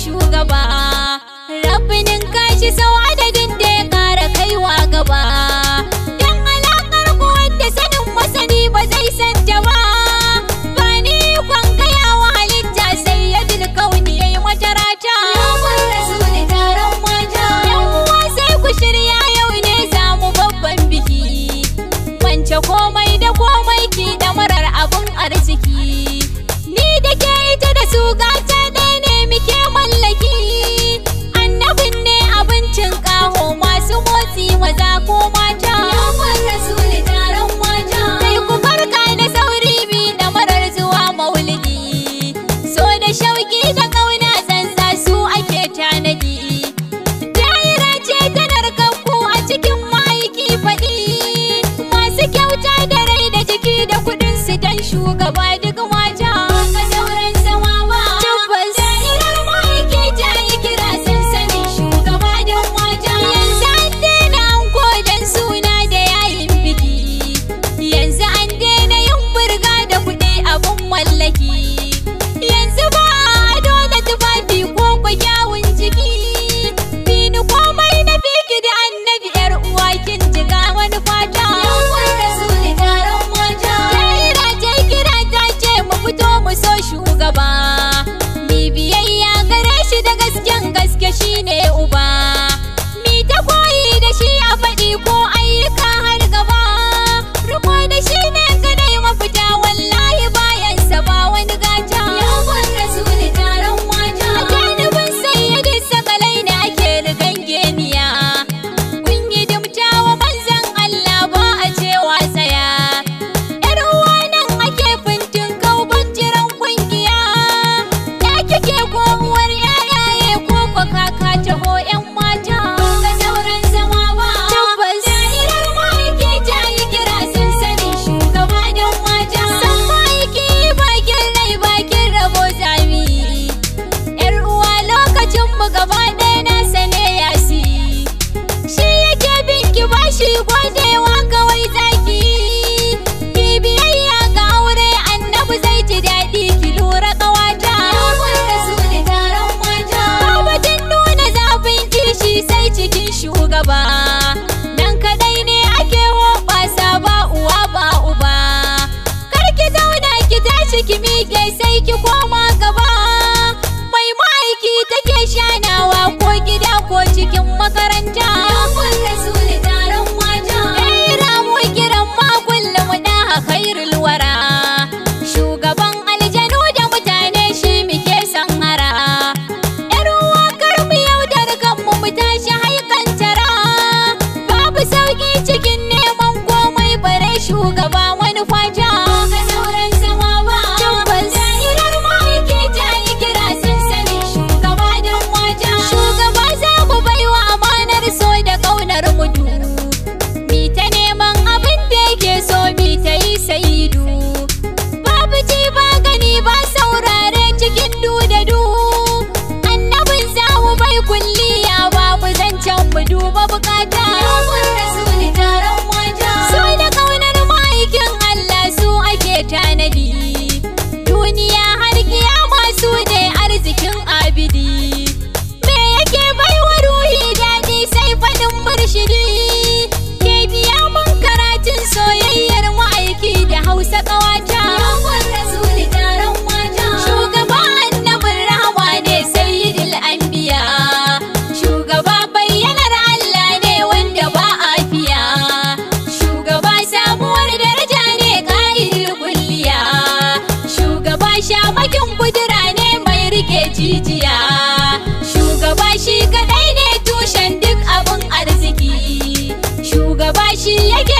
shugaba ki koma gaba mai ma'aiki take shanawa ko gida ko cikin makaranta yawon rasuli taron wata ɗaya ramu kiran makullin a kairul wara shugaban aljanu da mutane shi muke son hara yar wakar mu yau da rikanmu mu tashi haikantara babu sauki cikin neman komai barai shugaba wani fata Yeah, yeah.